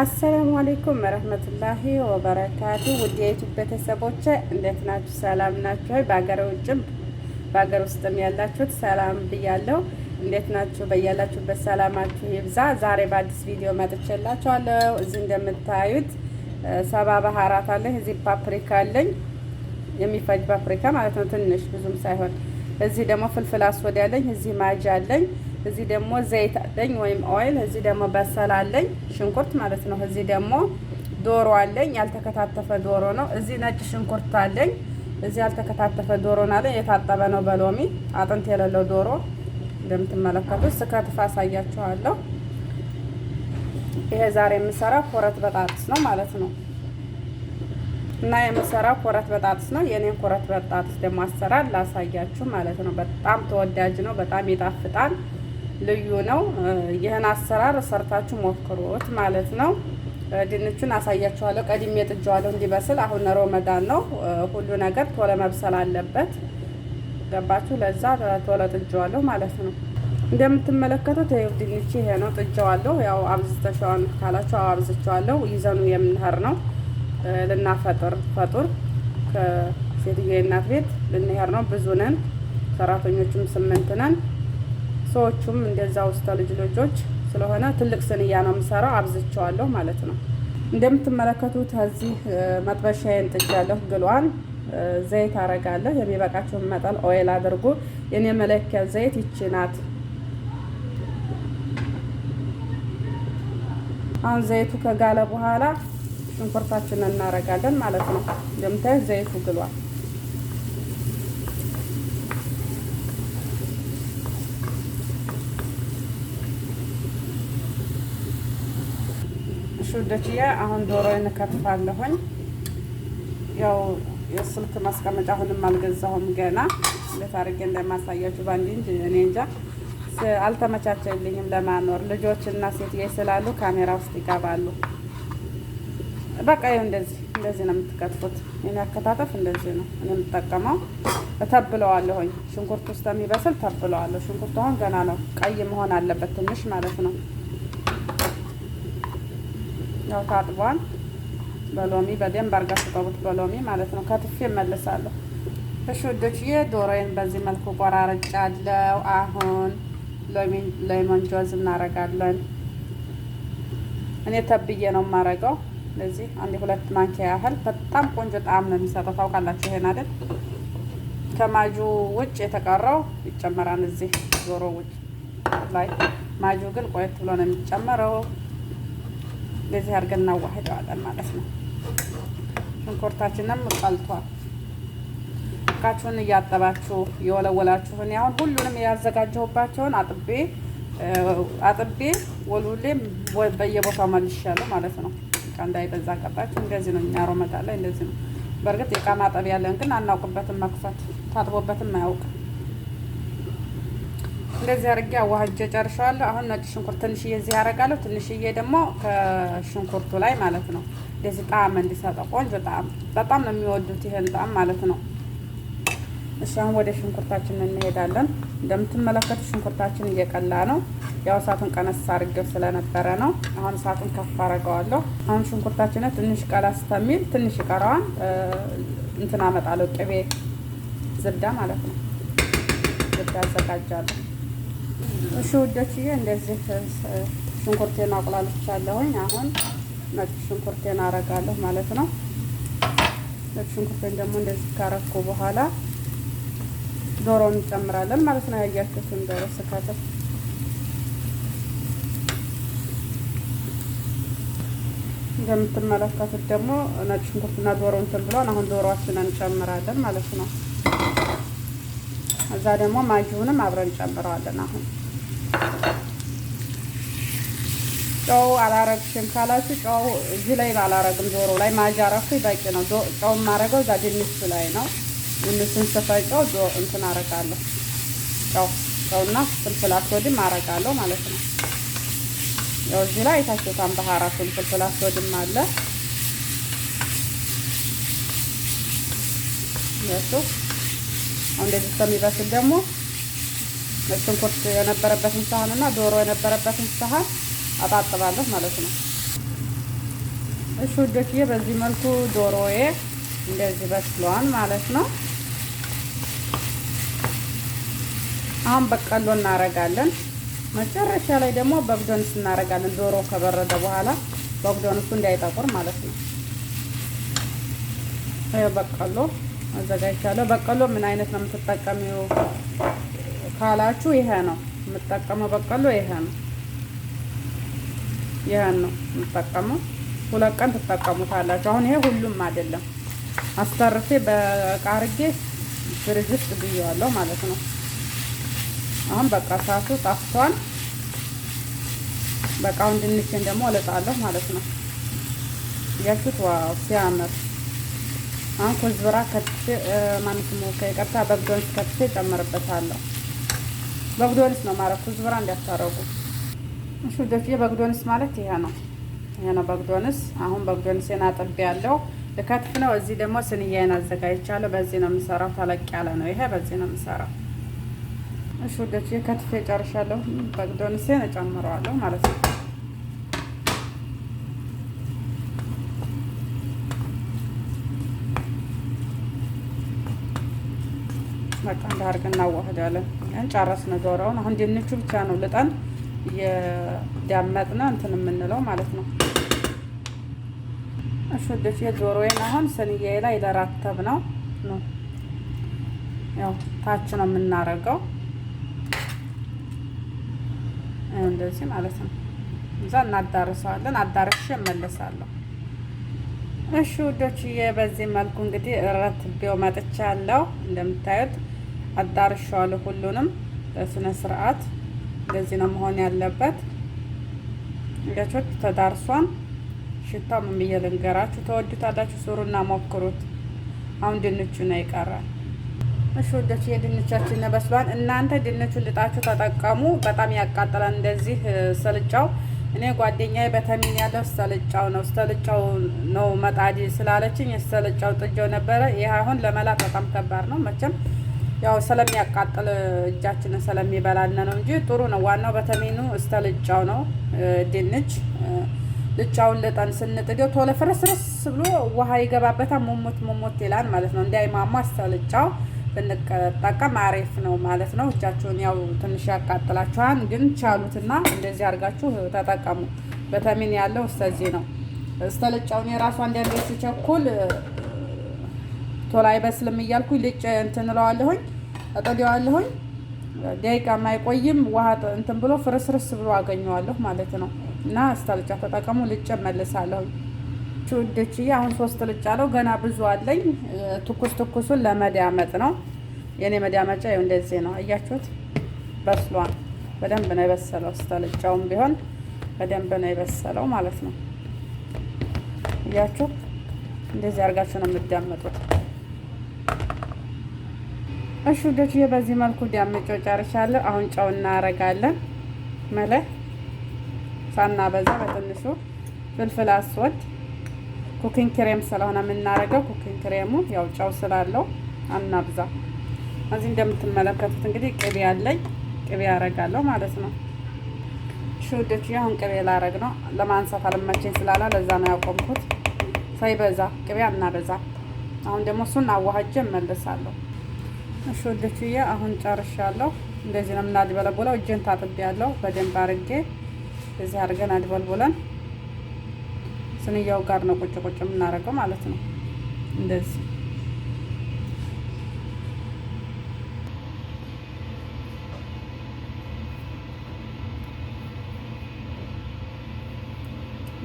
አሰላሙ አሌይኩም ወረህመቱላሂ ወበረካቱ ውድ የዩቱብ ቤተሰቦች እንዴት ናችሁ? ሰላም ናችሁ ወይ? በሀገር ውጭም በሀገር ውስጥም ያላችሁት ሰላም ብያለሁ። እንዴት ናችሁ? በያላችሁበት ሰላማችሁ ይብዛ። ዛሬ በአዲስ ቪዲዮ መጥቼላችኋለሁ። እዚህ እንደምታዩት ሰባ ባህራት አለኝ። እዚህ ፓፕሪካ አለኝ፣ የሚፈጅ ፓፕሪካ ማለት ነው። ትንሽ ብዙም ሳይሆን እዚህ ደግሞ ፍልፍል አስወድ ያለኝ፣ እዚህ ማጅ አለኝ እዚህ ደግሞ ዘይት አለኝ ወይም ኦይል። እዚህ ደግሞ በሰል አለኝ ሽንኩርት ማለት ነው። እዚህ ደግሞ ዶሮ አለኝ፣ ያልተከታተፈ ዶሮ ነው። እዚህ ነጭ ሽንኩርት አለኝ። እዚህ ያልተከታተፈ ዶሮ አለኝ፣ የታጠበ ነው በሎሚ አጥንት የሌለው ዶሮ። እንደምትመለከቱት ስከትፍ አሳያችኋለሁ። ይሄ ዛሬ የምሰራ ኮረት በጣጥስ ነው ማለት ነው። እና የምሰራው ኮረት በጣጥስ ነው። የኔን ኮረት በጣጥስ ደግሞ አሰራር ላሳያችሁ ማለት ነው። በጣም ተወዳጅ ነው። በጣም ይጣፍጣል። ልዩ ነው። ይህን አሰራር ሰርታችሁ ሞክሮት ማለት ነው። ድንቹን አሳያችኋለሁ። ቀድሜ ጥጄዋለሁ እንዲበስል። አሁን ሮመዳን ነው፣ ሁሉ ነገር ቶሎ መብሰል አለበት። ገባችሁ? ለዛ ቶሎ ጥጄዋለሁ ማለት ነው። እንደምትመለከቱት ይኸው ድንች ይሄ ነው፣ ጥጄዋለሁ። ያው አብዝተሽዋን ካላችሁ አብዝቸዋለሁ። ይዘኑ የምንሄር ነው ልናፈጥር ፈጡር ከሴትዮ እናት ቤት ልንሄር ነው። ብዙ ነን፣ ሰራተኞችም ስምንት ነን። ሰዎቹም እንደዛ ውስተ ልጅ ልጆች ስለሆነ ትልቅ ስንያ ነው የምሰራው። አብዝቸዋለሁ ማለት ነው። እንደምትመለከቱት እዚህ መጥበሻዬን ጥጃለሁ። ግሏን ዘይት አረጋለሁ። የሚበቃችሁን መጠን ኦይል አድርጉ። የኔ መለኪያ ዘይት ይቺ ናት። አሁን ዘይቱ ከጋለ በኋላ ሽንኩርታችንን እናረጋለን ማለት ነው። እንደምታዩት ዘይቱ ግሏል። እሺ ውዶችዬ አሁን ዶሮዬን እከትፋለሁኝ። ያው የስልክ ማስቀመጫ አሁንም አልገዛሁም ገና እንዴት አድርጌ እንደማሳያችሁ ባንዲ እንጂ እኔ እንጃ አልተመቻቸልኝም ለማኖር ልጆች እና ሴትዬ ስላሉ ካሜራ ውስጥ ይገባሉ። በቃ ይኸው እንደዚህ እንደዚህ ነው የምትከትፉት። እኔ አከታተፍ እንደዚህ ነው እኔ የምጠቀመው። እተብለዋለሁኝ ሽንኩርት ውስጥ የሚበስል ተብለዋለሁ። ሽንኩርት አሁን ገና ነው፣ ቀይ መሆን አለበት ትንሽ ማለት ነው። ያው ታጥቧል። በሎሚ በደንብ አርጋ ጥበቡት፣ በሎሚ ማለት ነው። ከትፌ እመልሳለሁ። እሺ ውዶችዬ፣ ዶሮዬን በዚህ መልኩ ቆራርጫለሁ። አሁን ሎሚን ጆዝ እናደርጋለን። እኔ ተብዬ ነው የማደርገው። ለዚህ አንድ ሁለት ማንኪያ ያህል በጣም ቆንጆ ጣዕም ነው የሚሰጠው። ታውቃላችሁ ይሄን አይደል? ከማጁ ውጭ የተቀረው ይጨመራል። እዚህ ዶሮ ውጭ ላይ ማጁ ግን ቆየት ብሎ ነው የሚጨመረው። እንደዚህ አድርገን እናዋህደዋለን ማለት ነው። ሽንኩርታችንም ቀልቷል። እቃችሁን እያጠባችሁ የወለወላችሁ እኔ ሁሉንም ያዘጋጀሁባቸውን አጥቤ አጥቤ ወልውሌ በየቦታው መልሻለሁ ማለት ነው። እቃ እንዳይበዛ ቀባችሁ። እንደዚህ ነው እኛ ሮመዳ ላይ እንደዚህ ነው። በእርግጥ የእቃ ማጠቢያ ያለን ግን አናውቅበትም፣ መክፈት ታጥቦበትም አያውቅም። እንደዚህ አድርጌ አዋህጄ ጨርሻለሁ። አሁን ነጭ ሽንኩርት ትንሽዬ እዚህ ያደርጋለሁ፣ ትንሽዬ ደግሞ ከሽንኩርቱ ላይ ማለት ነው። እንደዚህ ጣዕም እንዲሰጠው ቆንጆ ጣዕም፣ በጣም ነው የሚወዱት ይሄን ጣዕም ማለት ነው። እሺ አሁን ወደ ሽንኩርታችን እንሄዳለን። እንደምትመለከቱ ሽንኩርታችን እየቀላ ነው። ያው እሳቱን ቀነስ አድርጌው ስለነበረ ነው። አሁን እሳቱን ከፍ አደርገዋለሁ። አሁን ሽንኩርታችን ትንሽ ቀላስ ተሚል ትንሽ ይቀረዋል። እንትን አመጣለሁ፣ ቅቤ ዝብዳ ማለት ነው። ዝብዳ አዘጋጃለሁ እሺ ውዶችዬ እንደዚህ ሽንኩርቴን አቁላልቻለሁኝ። አሁን ነጭ ሽንኩርቴን አረጋለሁ ማለት ነው። ነጭ ሽንኩርቴን ደግሞ እንደዚህ ካረኩ በኋላ ዶሮ እንጨምራለን ማለት ነው። ያያችሁትን ዶሮ ስከትፍ እንደምትመለከቱት ደግሞ ነጭ ሽንኩርትና ዶሮ እንትን ብለን አሁን ዶሮአችንን እንጨምራለን ማለት ነው። እዛ ደግሞ ማጂውንም አብረን እንጨምረዋለን አሁን ጨው አላረግሽም ካላችሁ ጨው እዚህ ላይ ባላረግም ዶሮ ላይ ማጃረኩ በቂ ነው። ጨው የማረገው እዛ ድንሱ ላይ ነው። ድንሱን ስፈጨው እንትን አረጋለሁ። ጨው ጨውና ፍልፍል አስወድም አረጋለሁ ማለት ነው። ያው እዚህ ላይ አይታችሁታም። ባህራቱን ፍልፍል አስወድም አለ ያሱ እንደዚህ እስከሚበስል ደግሞ ሽንኩርት የነበረበትን ሳህን እና ዶሮ የነበረበትን ሳህን አጣጥባለሁ ማለት ነው። እሺ ውዶችዬ በዚህ መልኩ ዶሮዬ እንደዚህ በስሏል ማለት ነው። አሁን በቀሎ እናረጋለን። መጨረሻ ላይ ደግሞ በግዶንስ እናረጋለን። ዶሮ ከበረደ በኋላ በግዶንሱ እንዳይጠቁር ማለት ነው። በቀሎ አዘጋጅቻለሁ። በቀሎ ምን አይነት ነው የምትጠቀሚው? ካላችሁ ይሄ ነው የምጠቀመው። በቀሎ ይሄ ነው ይሄን ነው የምጠቀመው። ሁለት ቀን ትጠቀሙታላችሁ። አሁን ይሄ ሁሉም አይደለም፣ አስተርፌ በቃርጌ አድርጌ ፍሪጅ ውስጥ ብያዋለሁ ማለት ነው። አሁን በቃ ሳቱ ጠፍቷል። በቃ አሁን ድንችን ደግሞ እልጣለሁ ማለት ነው። ያችሁት ዋው ሲያምር! አሁን ኮዝብራ ማንስ ሞከ ይቀርታ በግዶን ከትፌ እጨምርበታለሁ። በግዶንስ ነው ማለት ኩዝብራ እንዲያታረጉ። እሺ ደፊየ በግዶንስ ማለት ይሄ ነው። ይሄ ነው በግዶንስ። አሁን በግዶንስ አጥቤ ያለው ልከትፍ ነው። እዚህ ደግሞ ስንያይን አዘጋጅቻለሁ። በዚህ ነው የምሰራው። ተለቅ ያለ ነው ይሄ። በዚህ ነው የምሰራው። እሺ ውዶችዬ ከትፌ ጨርሻለሁ። በግዶንሴን እጨምረዋለሁ ማለት ነው። በቃ እንዳርግ እናዋህዳለን። ጨረስን ዶሮውን። አሁን ድንቹ ብቻ ነው ልጠን እየዳመጥን እንትን የምንለው ማለት ነው። እሺ ወደፊት ዶሮዬን አሁን ስንዬ ላይ ለራተብ ነው ነው ያው ታች ነው የምናረገው እንደዚህ ማለት ነው። እዛ እናዳርሰዋለን። አዳርሽ እመለሳለሁ። እሺ ውዶችዬ፣ በዚህ መልኩ እንግዲህ እረትቤው መጥቻለሁ እንደምታዩት አዳርሻዋለሁ። ሁሉንም በስነ ስርዓት እንደዚህ ነው መሆን ያለበት። ልጆች ተዳርሷን ሽታው ምን ብዬ ልንገራችሁ? ተወዱታላችሁ። ስሩና ሞክሩት። አሁን ድንቹ ነው ይቀራል። እሺ ወደች የድንቻችን በስሏል። እናንተ ድንቹ ልጣችሁ ተጠቀሙ። በጣም ያቃጥላል እንደዚህ ሰልጫው። እኔ ጓደኛዬ በተሚን ያለው ሰልጫው ነው ሰልጫው ነው መጣዲ ስላለችኝ ሰልጫው ጥጆ ነበረ። ይህ አሁን ለመላጥ በጣም ከባድ ነው መቼም ያው ስለሚያቃጥል እጃችንን ስለሚበላነ ነው እንጂ ጥሩ ነው። ዋናው በተሜኑ እስተ ልጫው ነው። ድንች ልጫውን ልጠን ስንጥደው ቶሎ ፍርስርስ ብሎ ውሃ ይገባበታል። ሙሙት ሙሙት ይላል ማለት ነው። እንዳይማማ እስተ ልጫው ብንጠቀም አሪፍ ነው ማለት ነው። እጃችሁን ያው ትንሽ ያቃጥላችኋል፣ ግን ቻሉትና እንደዚህ አድርጋችሁ ተጠቀሙ። በተሜን ያለው እስተዚህ ነው። እስተልጫውን የራሱ አንዳንዶቹ ሲቸኩል ቶሎ አይበስልም እያልኩኝ ልጭ እንትን እለዋለሁኝ አጠዲዋለሁኝ። ደቂቃም አይቆይም ውሃ እንትን ብሎ ፍርስርስ ብሎ አገኘዋለሁ ማለት ነው። እና አስታልጫ ተጠቀሙ። ልጭ መልሳለሁኝ። ቹድች አሁን ሶስት ልጭ አለው። ገና ብዙ አለኝ። ትኩስ ትኩሱን ለመዳመጥ ነው። የኔ መዳመጫ ይኸው እንደዚህ ነው። አያችሁት? በስሏል። በደንብ ነው የበሰለው። አስታልጫውም ቢሆን በደንብ ነው የበሰለው ማለት ነው። እያችሁ እንደዚህ አድርጋችሁ ነው የምዳመጡት። እሺ ውዶች በዚህ መልኩ ዳምጬው ጨርሻለሁ። አሁን ጨው እናረጋለን። መለ ሳናበዛ በትንሹ ፍልፍል አስወድ ኩኪንግ ክሬም ስለሆነ የምናረገው ኩኪንግ ክሬሙ ያው ጨው ስላለው አናብዛ። እዚህ እንደምትመለከቱት እንግዲህ ቅቤ አለኝ። ቅቤ አረጋለሁ ማለት ነው። እሺ ውዶች አሁን ቅቤ ላረግ ነው። ለማንሳት አልመቸኝ ስላለ ለዛ ነው ያቆምኩት። ሳይበዛ ቅቤ አናበዛ። አሁን ደግሞ እሱን አዋህጀ እመልሳለሁ። እሺ ወደችዬ አሁን ጨርሻለሁ። እንደዚህ ነው እጀን እጄን ያለው በደንብ አድርጌ እዚህ አድርገን አድበልብለን ስንያው ጋር ነው ቁጭ ቁጭ የምናደርገው ማለት ነው። እንደዚህ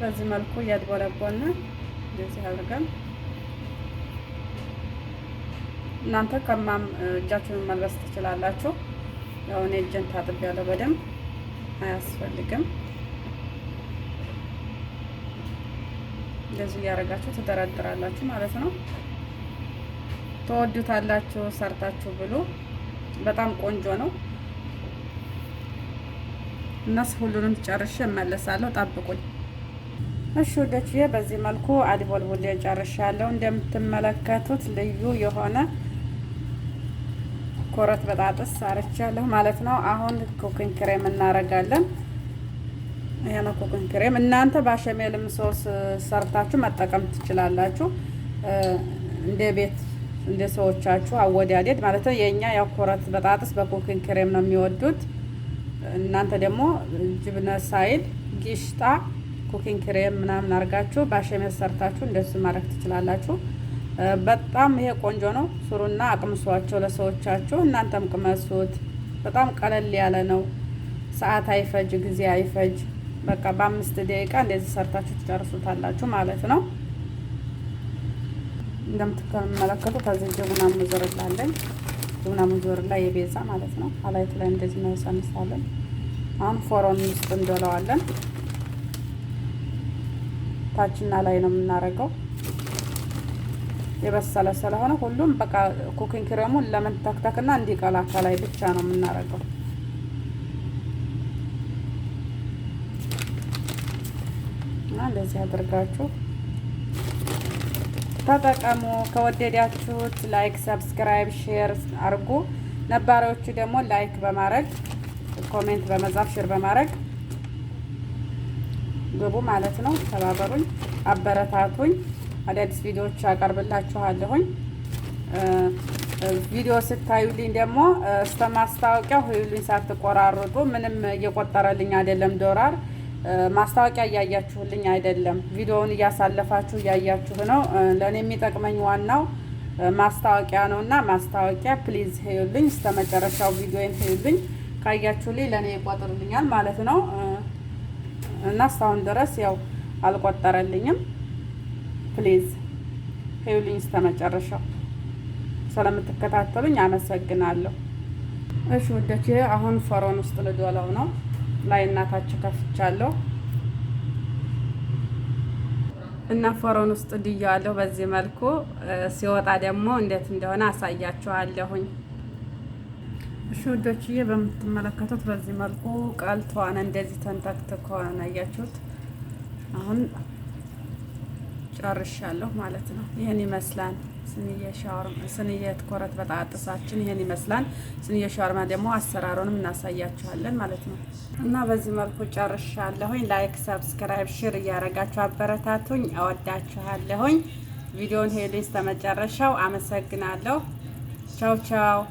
በዚህ መልኩ እያድበለበልን እንደዚህ አድርገን እናንተ ከማም እጃችሁን መልበስ ትችላላችሁ። ያው እኔ እጄን ታጥቤያለሁ በደንብ አያስፈልግም። እንደዚህ እያደረጋችሁ ትደረድራላችሁ ማለት ነው። ተወዱታላችሁ። ሰርታችሁ ብሉ። በጣም ቆንጆ ነው። እነሱ ሁሉንም ጨርሼ እመለሳለሁ። ጠብቁኝ። እሺ ውዶችዬ፣ በዚህ መልኩ አድቦልቡሌ ጨርሻለሁ። እንደምትመለከቱት ልዩ የሆነ ኮረት በጣጥስ አርቻለሁ ማለት ነው። አሁን ኩኪንግ ክሬም እናረጋለን። ይሄ ነው ኩኪንግ ክሬም። እናንተ ባሸሜልም ሶስ ሰርታችሁ መጠቀም ትችላላችሁ። እንደ ቤት እንደ ሰዎቻችሁ አወዳደድ ማለት ነው። የእኛ ያው ኮረት በጣጥስ በኩኪንግ ክሬም ነው የሚወዱት። እናንተ ደግሞ ጅብነ ሳይል ጊሽጣ ኩኪንግ ክሬም ምናምን አርጋችሁ ባሸሜል ሰርታችሁ እንደሱ ማድረግ ትችላላችሁ። በጣም ይሄ ቆንጆ ነው። ስሩና አቅምሷቸው ለሰዎቻችሁ፣ እናንተም ቅመሱት። በጣም ቀለል ያለ ነው። ሰዓት አይፈጅ፣ ጊዜ አይፈጅ። በቃ በአምስት ደቂቃ እንደዚህ ሰርታችሁ ትጨርሱታላችሁ ማለት ነው። እንደምትመለከቱት ከዚህ ጀቡና ላለን ጀቡና ሙዞር ላይ የቤዛ ማለት ነው። አላይቱ ላይ እንደዚህ ነው ሰንሳለን። አሁን ፎሮን ውስጥ እንደለዋለን። ታችና ላይ ነው የምናደርገው። የበሰለ ስለሆነ ሁሉም በቃ ኩኪንግ ክሬሙ ለምን ተክተክና እንዲቀላታ ላይ ብቻ ነው የምናደርገው። እና እንደዚህ አድርጋችሁ ተጠቀሙ። ከወደዳችሁት ላይክ፣ ሰብስክራይብ፣ ሼር አርጉ። ነባሪዎቹ ደግሞ ላይክ በማድረግ ኮሜንት በመጻፍ ሼር በማድረግ ግቡ ማለት ነው። ተባበሩኝ፣ አበረታቱኝ። አዳዲስ ቪዲዮዎች አቀርብላችኋለሁኝ። ቪዲዮ ስታዩልኝ ደግሞ እስከ ማስታወቂያው ሁሉኝ ሳትቆራርጡ ምንም እየቆጠረልኝ አይደለም ዶላር ማስታወቂያ እያያችሁልኝ አይደለም። ቪዲዮውን እያሳለፋችሁ እያያችሁ ነው። ለእኔ የሚጠቅመኝ ዋናው ማስታወቂያ ነው እና ማስታወቂያ ፕሊዝ ሄዩልኝ፣ እስከ መጨረሻው ቪዲዮን ሄዩልኝ። ካያችሁልኝ ለእኔ ይቆጥርልኛል ማለት ነው እና እስካሁን ድረስ ያው አልቆጠረልኝም። ፕሌዝ ይኸውልኝ እስከመጨረሻው ስለምትከታተሉኝ አመሰግናለሁ። እሺ ውዶቼ አሁን ፎሮን ውስጥ ልዶለው ነው ላይ እናታችሁ ከፍቻለሁ እና ፎሮን ውስጥ ድያለሁ። በዚህ መልኩ ሲወጣ ደግሞ እንዴት እንደሆነ አሳያችኋለሁኝ። እሺ ውዶችዬ በምትመለከቱት በዚህ መልኩ ቀልቷን እንደዚህ ተንተክትከዋን አያችሁት አሁን ጨርሻለሁ ማለት ነው። ይህን ይመስላል ስንየት ኮረት በጣጥሳችን ይህን ይመስላል። ስንየ ሻርማ ደግሞ አሰራሩንም እናሳያችኋለን ማለት ነው። እና በዚህ መልኩ ጨርሻለሁኝ። ላይክ፣ ሰብስክራይብ፣ ሽር እያረጋችሁ አበረታቱኝ። እወዳችኋለሁኝ። ቪዲዮን ሄዴስ ተመጨረሻው መጨረሻው አመሰግናለሁ። ቻው ቻው።